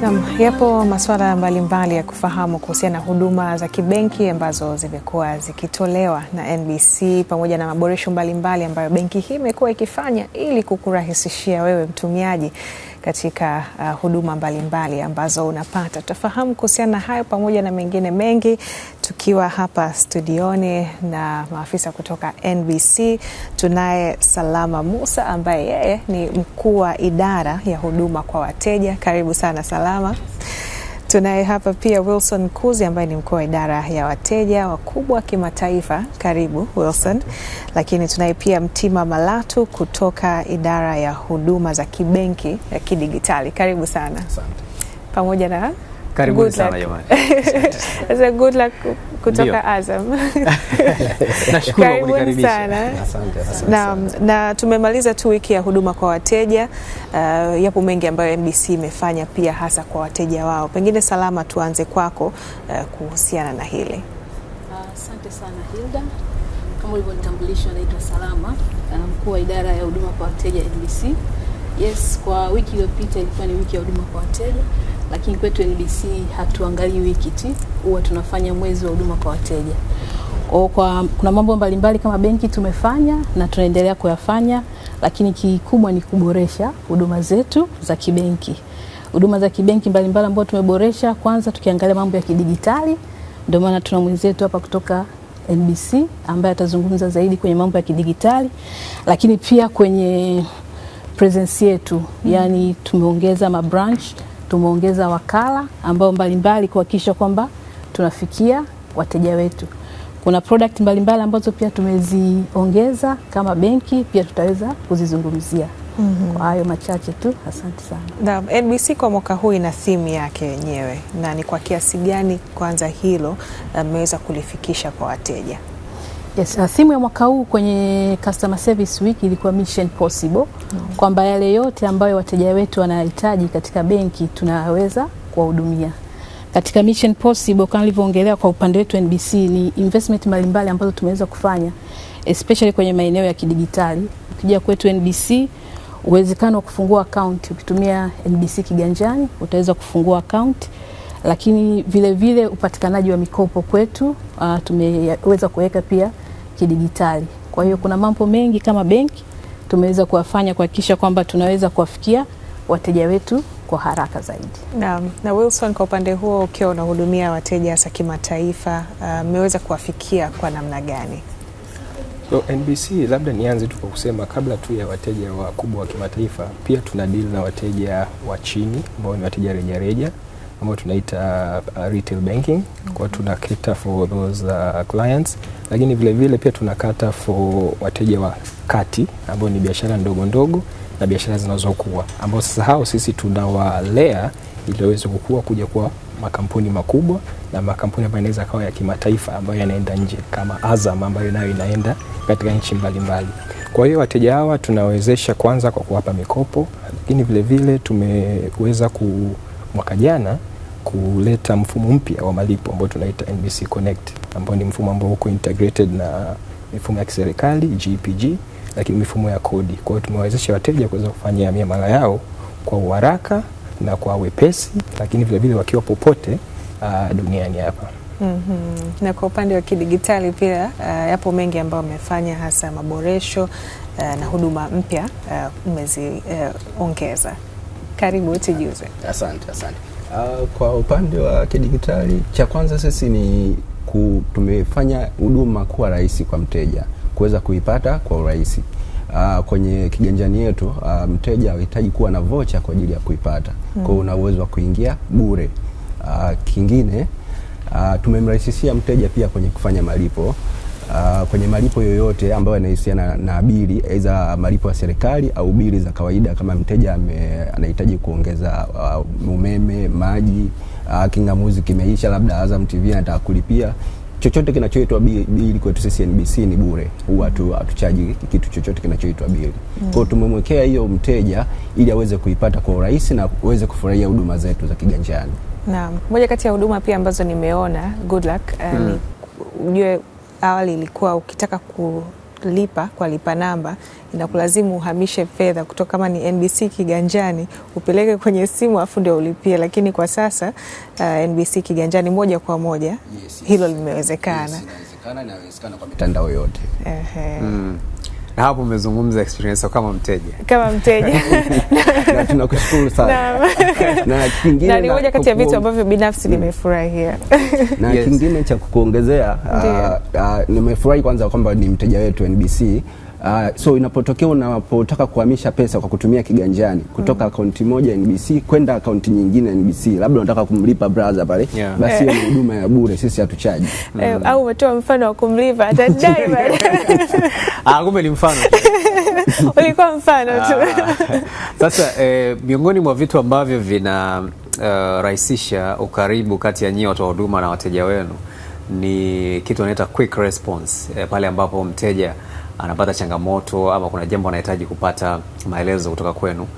Naam, yapo masuala mbalimbali ya kufahamu kuhusiana na huduma za kibenki ambazo zimekuwa zikitolewa na NBC pamoja na maboresho mbalimbali ambayo benki hii imekuwa ikifanya ili kukurahisishia wewe mtumiaji katika uh, huduma mbalimbali mbali ambazo unapata. Tutafahamu kuhusiana na hayo pamoja na mengine mengi tukiwa hapa studioni na maafisa kutoka NBC. Tunaye Salama Musa ambaye yeye ni mkuu wa idara ya huduma kwa wateja. Karibu sana Salama. Tunaye hapa pia Wilson Kuzi ambaye ni mkuu wa idara ya wateja wakubwa kimataifa. Karibu Wilson. Lakini tunaye pia Mtima Malatu kutoka idara ya huduma za kibenki ya kidigitali. Karibu sana. Asante. Pamoja na Karibu sana jamani. Good luck kutoka Azam. karibuni Sana. Asante, asante. Na, na tumemaliza tu wiki ya huduma kwa wateja. Uh, yapo mengi ambayo MBC imefanya pia hasa kwa wateja wao. Pengine Salama, tuanze kwako uh, kuhusiana na hili. Asante uh, sana Hilda. Kama ulivyonitambulisha, naitwa Salama, mkuu wa idara ya huduma kwa wateja MBC. Yes, kwa wiki iliyopita ilikuwa ni wiki ya huduma kwa wateja lakini kwetu NBC hatuangalii wiki tu, huwa tunafanya mwezi wa huduma kwa wateja. kwa, kuna mambo mbalimbali kama benki tumefanya na tunaendelea kuyafanya, lakini kikubwa ni kuboresha huduma zetu za kibenki. Huduma za kibenki mbalimbali ambazo tumeboresha, kwanza tukiangalia mambo ya kidijitali, ndio maana tuna mwenzetu hapa kutoka NBC ambaye atazungumza zaidi kwenye mambo ya kidijitali, lakini pia kwenye presence yetu, yani tumeongeza mabranch tumeongeza wakala ambao mbalimbali kuhakikisha kwamba tunafikia wateja wetu. Kuna product mbalimbali ambazo pia tumeziongeza kama benki, pia tutaweza kuzizungumzia. Mm -hmm. Kwa hayo machache tu, asante sana. Naam, NBC kwa mwaka huu ina theme yake yenyewe, na ni kwa kiasi gani kwanza hilo eh, mmeweza kulifikisha kwa wateja? Yes, simu ya mwaka huu kwenye customer service week ilikuwa mission possible mm. kwamba yale yote ambayo wateja wetu wanahitaji katika benki tunaweza kuwahudumia katika mission possible. Kama nilivyoongelea kwa upande wetu NBC, ni investment mbalimbali ambazo tumeweza kufanya especially kwenye maeneo ya kidigitali. Ukija kwetu NBC, uwezekano wa kufungua account ukitumia NBC kiganjani utaweza kufungua account lakini vile vile upatikanaji wa mikopo kwetu uh, tumeweza kuweka pia kidijitali. Kwa hiyo kuna mambo mengi kama benki tumeweza kuwafanya kuhakikisha kwamba tunaweza kuwafikia wateja wetu kwa haraka zaidi. Na, na Wilson, kwa upande huo ukiwa unahudumia wateja hasa kimataifa, uh, mmeweza uh, kuwafikia kwa namna gani? So, NBC labda nianze tu kwa kusema kabla tu ya wateja wakubwa wa kimataifa, pia tuna deal na wateja wa chini ambao ni wateja rejareja ambayo tunaita uh, retail banking Kwa tuna cater for those uh, clients, lakini vile vile pia tuna cater for wateja wa kati ambao ni biashara ndogo ndogo na biashara zinazokuwa ambao sasa hao sisi tunawalea ili waweze kukua kuja kuwa makampuni makubwa na makampuni ambayo yanaweza kawa ya kimataifa ambayo yanaenda nje kama Azam ambayo nayo inaenda katika nchi mbalimbali. Kwa hiyo wateja hawa tunawezesha kwanza kwa kuwapa mikopo, lakini vile vile tumeweza ku mwaka jana kuleta mfumo mpya wa malipo ambao tunaita NBC Connect ambao ni mfumo ambao uko integrated na mifumo ya kiserikali GPG, lakini mifumo ya kodi. Kwa hiyo tumewawezesha wateja kuweza kufanya miamala yao kwa uharaka na kwa wepesi, lakini vilevile wakiwa popote uh, duniani hapa. Mm -hmm. Na kwa upande wa kidigitali pia uh, yapo mengi ambayo amefanya hasa maboresho uh, na huduma mpya uh, Uh, karibu tujuze. Asante, asante. Uh, kwa upande wa kidigitali, cha kwanza sisi ni ku, tumefanya huduma kuwa rahisi kwa mteja kuweza kuipata kwa urahisi. Uh, kwenye kiganjani yetu uh, mteja hahitaji kuwa na vocha kwa ajili ya kuipata hmm. Kwa hiyo una uwezo wa kuingia bure. Uh, kingine uh, tumemrahisishia mteja pia kwenye kufanya malipo uh, kwenye malipo yoyote ambayo yanahusiana na, na bili aidha malipo ya serikali au bili za kawaida kama mteja anahitaji kuongeza uh, umeme, maji, uh, kingamuzi kimeisha, labda Azam TV anataka kulipia chochote kinachoitwa bili kwetu sisi NBC ni bure, huwa hatuchaji kitu chochote kinachoitwa bili. Mm. Kwa tumemwekea hiyo mteja ili aweze kuipata kwa urahisi na aweze kufurahia huduma zetu za kiganjani. Naam, moja kati ya huduma pia ambazo nimeona good luck, uh, mm. ni ujue awali ilikuwa ukitaka kulipa kwa lipa namba inakulazimu uhamishe fedha kutoka kama ni NBC kiganjani upeleke kwenye simu afu ndio ulipie, lakini kwa sasa uh, NBC kiganjani moja kwa moja yes, yes. Hilo limewezekana, yes, inawezekana kwa mitandao yote. Mm na hapo umezungumza experience kama mteja kama mteja na tunakushukuru sana na kingine na ni moja kati ya vitu ambavyo binafsi mm. nimefurahia na kingine cha kukuongezea uh, uh, nimefurahi kwanza kwamba ni mteja wetu NBC Uh, so inapotokea unapotaka kuhamisha pesa kwa kutumia kiganjani kutoka mm. akaunti mm. moja NBC kwenda akaunti nyingine NBC, labda unataka kumlipa brother pale yeah. Basi hiyo ni eh. huduma ya bure, sisi hatuchaji eh, mm. eh, au umetoa mfano wa kumlipa atadai bale ah, kumbe ni mfano ulikuwa mfano tu ah. sasa. Eh, miongoni mwa vitu ambavyo vinarahisisha eh, uh, ukaribu kati ya nyinyi watoa huduma na wateja wenu ni kitu wanaita quick response eh, pale ambapo mteja anapata changamoto ama kuna jambo anahitaji kupata maelezo kutoka kwenu, uh,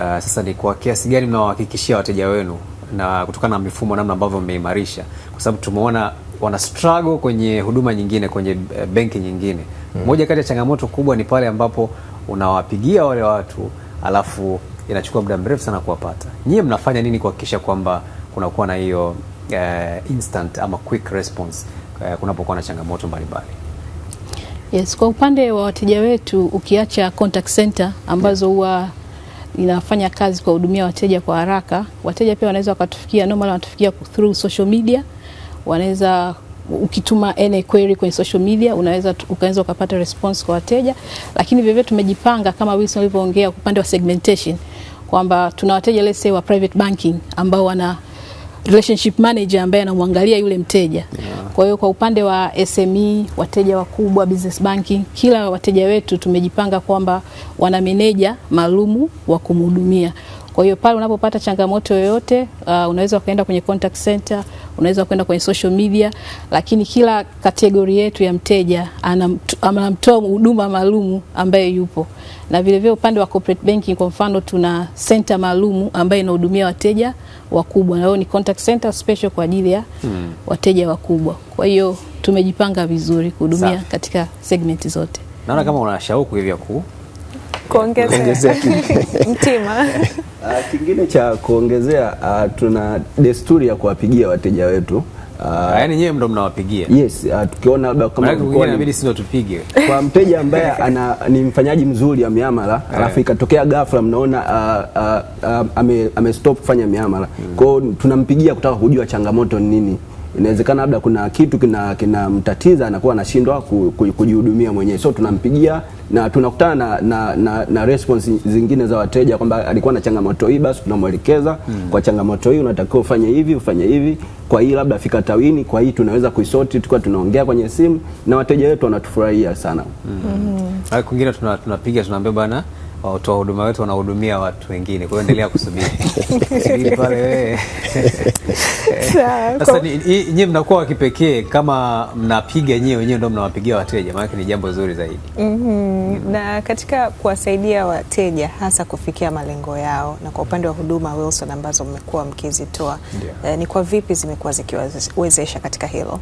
sasa ni kwa kiasi gani mnawahakikishia wateja wenu na kutokana na mifumo namna ambavyo mmeimarisha, kwa sababu tumeona wana struggle kwenye huduma nyingine, kwenye eh, benki nyingine mm. Moja kati ya changamoto kubwa ni pale ambapo unawapigia wale watu alafu inachukua muda mrefu sana kuwapata. Nyie mnafanya nini kuhakikisha kwamba kunakuwa na hiyo uh, instant ama quick response uh, kunapokuwa na changamoto mbalimbali? Yes, kwa upande wa wateja wetu ukiacha contact center ambazo huwa inafanya kazi kuwahudumia wateja kwa haraka, wateja pia wanaweza wakatufikia normal, wanatufikia through social media. Wanaweza ukituma any query kwenye social media unaweza ukaanza ukapata response kwa wateja, lakini vivyo tumejipanga kama Wilson alivyoongea upande wa segmentation kwamba tuna wateja let's say wa private banking ambao wana relationship manager ambaye anamwangalia yule mteja yeah. Kwa hiyo kwa upande wa SME, wateja wakubwa, business banking, kila wateja wetu tumejipanga kwamba wana meneja maalumu wa kumhudumia. Kwa hiyo pale unapopata changamoto yoyote uh, unaweza ukaenda kwenye contact center, unaweza kwenda kwenye social media, lakini kila kategori yetu ya mteja anamtoa huduma maalum ambaye yupo. Na vile vile upande wa corporate banking, kwa mfano tuna center maalum ambayo inahudumia wateja wakubwa, na hiyo ni contact center special kwa ajili ya hmm, wateja wakubwa. Kwa hiyo tumejipanga vizuri kuhudumia katika segmenti zote. Naona kama una shauku hivi ya kuongezea mtima. Ah, kingine cha kuongezea, uh, tuna desturi ya kuwapigia wateja wetu Uh, yaani nyewe ndo mnawapigia? Yes, uh, tukiona labda kama inabidi sisi tupige kwa mteja ambaye ana ni mfanyaji mzuri wa miamala eh. alafu ikatokea ghafla mnaona uh, uh, uh, ame, ame stop kufanya miamala mm. Kwao tunampigia kutaka kujua changamoto ni nini inawezekana labda kuna kitu kinamtatiza kina anakuwa anashindwa kujihudumia mwenyewe, so tunampigia na tunakutana na, na, na, na response zingine za wateja kwamba alikuwa na changamoto hii, basi tunamwelekeza mm. Kwa changamoto hii unatakiwa ufanye hivi ufanye hivi, kwa hii labda fika tawini, kwa hii tunaweza kuisoti, tukiwa tunaongea kwenye simu na wateja wetu wanatufurahia sana mm. Mm. Kwingine tunapiga tuna tunaambia bana watoa huduma wetu wanahudumia watu wengine, kwa hiyo endelea kusubiri subiri pale wewe. Sasa nyie mnakuwa wa kipekee kama mnapiga nyie wenyewe ndio mnawapigia wateja, maanake ni jambo zuri zaidi. mm -hmm. Mm -hmm. Na katika kuwasaidia wateja hasa kufikia malengo yao, na kwa upande wa huduma Wilson ambazo mmekuwa mkizitoa, yeah. Eh, ni kwa vipi zimekuwa zikiwawezesha katika hilo?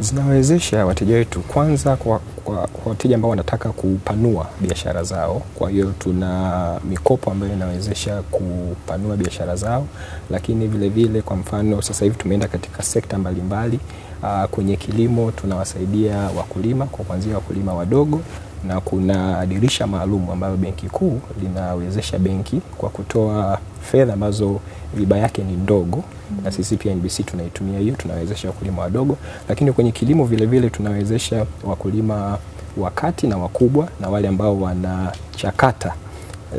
zinawezesha wateja wetu kwanza, kwa, kwa, kwa wateja ambao wanataka kupanua biashara zao. Kwa hiyo tuna mikopo ambayo inawezesha kupanua biashara zao, lakini vile vile kwa mfano sasa hivi tumeenda katika sekta mbalimbali mbali. Kwenye kilimo tunawasaidia wakulima kwa kuanzia wakulima wadogo na kuna dirisha maalum ambayo Benki Kuu linawezesha benki kwa kutoa fedha ambazo riba yake ni ndogo mm -hmm. Na sisi pia NBC tunaitumia hiyo, tunawezesha wakulima wadogo, lakini kwenye kilimo vilevile vile tunawezesha wakulima wakati na wakubwa na wale ambao wanachakata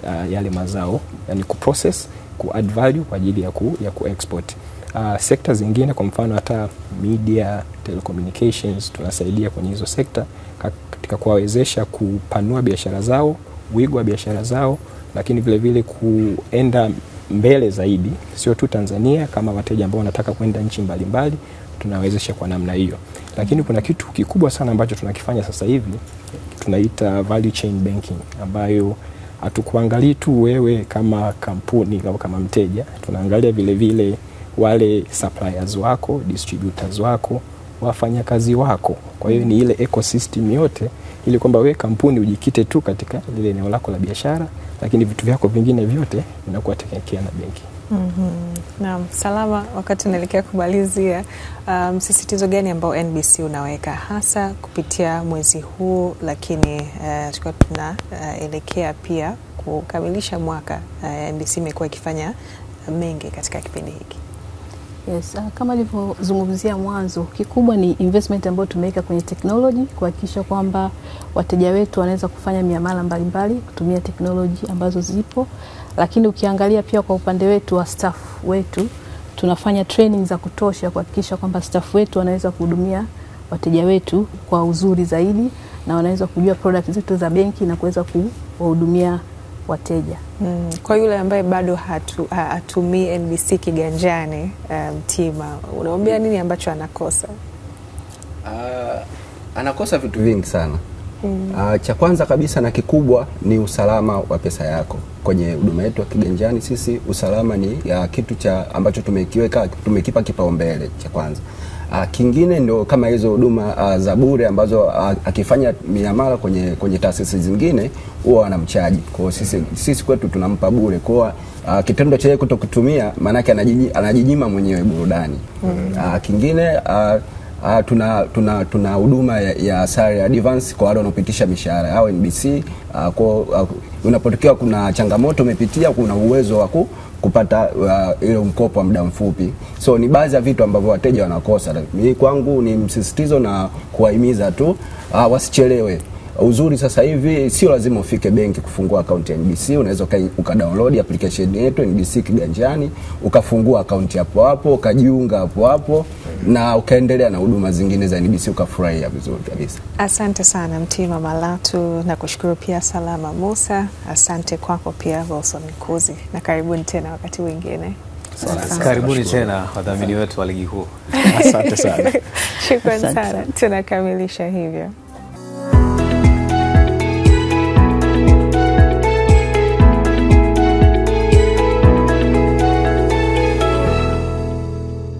uh, yale mazao yani kuprocess ku add value kwa ajili ya ku, ya ku export. Uh, sekta zingine kwa mfano hata media telecommunications, tunasaidia kwenye hizo sekta katika kuwawezesha kupanua biashara zao, wigo wa biashara zao, lakini vile vile kuenda mbele zaidi, sio tu Tanzania. Kama wateja ambao wanataka kwenda nchi mbalimbali, tunawezesha kwa namna hiyo. Lakini kuna kitu kikubwa sana ambacho tunakifanya sasa hivi tunaita value chain banking, ambayo hatukuangalii tu wewe kama kampuni au kama mteja, tunaangalia vile vile wale suppliers wako, distributors wako wafanyakazi wako. Kwa hiyo ni ile ecosystem yote, ili kwamba we kampuni ujikite tu katika lile eneo lako la biashara, lakini vitu vyako vingine vyote vinakuwa tekekea na benki. Mm -hmm. Naam, Salama, wakati unaelekea kumalizia, uh, msisitizo um, gani ambao NBC unaweka hasa kupitia mwezi huu, lakini uh, tukiwa tunaelekea uh, pia kukamilisha mwaka uh, NBC imekuwa ikifanya mengi katika kipindi hiki. Yes, ah, kama alivyozungumzia mwanzo, kikubwa ni investment ambayo tumeweka kwenye technology kuhakikisha kwamba wateja wetu wanaweza kufanya miamala mbalimbali kutumia technology ambazo zipo, lakini ukiangalia pia kwa upande wetu wa staff wetu tunafanya training za kutosha kuhakikisha kwamba staff wetu wanaweza kuhudumia wateja wetu kwa uzuri zaidi na wanaweza kujua product zetu za benki na kuweza kuwahudumia wateja mm. Kwa yule ambaye bado hatu, hatumii NBC kiganjani, Mtima, um, unamwambia nini ambacho anakosa? Uh, anakosa vitu vingi sana mm. Uh, cha kwanza kabisa na kikubwa ni usalama wa pesa yako kwenye huduma yetu ya kiganjani. Sisi usalama ni ya uh, kitu cha ambacho tumekiweka tumekipa kipaumbele cha kwanza. Uh, kingine ndio kama hizo huduma uh, za bure ambazo uh, akifanya miamala kwenye, kwenye taasisi zingine huwa wanamchaji. Kwa hiyo sisi, sisi kwetu tunampa bure. Kwa hiyo uh, kitendo cha yeye kutokutumia maanake anajinyima mwenyewe burudani. Uh, kingine uh, Uh, tuna tuna tuna huduma ya, ya salary advance kwa wale wanaopitisha mishahara au NBC. Uh, kwa uh, unapotokea kuna changamoto umepitia, kuna uwezo wa kupata uh, mkopo wa muda mfupi. So ni baadhi ya vitu ambavyo wateja wanakosa. Mimi kwangu ni msisitizo na kuwahimiza tu uh, wasichelewe. Uzuri sasa hivi sio lazima ufike benki kufungua akaunti ya NBC, unaweza ukadownload application yetu NBC Kiganjani, ukafungua akaunti hapo hapo, ukajiunga hapo hapo na ukaendelea na huduma zingine za NBC ukafurahia vizuri kabisa. Asante sana Mtima Malatu, na kushukuru pia Salama Musa, asante kwako pia Wilson Mkuzi, na karibuni tena wakati mwingine. Karibuni tena wadhamini wetu wa ligi kuu. Asante sana, shukrani sana, tunakamilisha hivyo.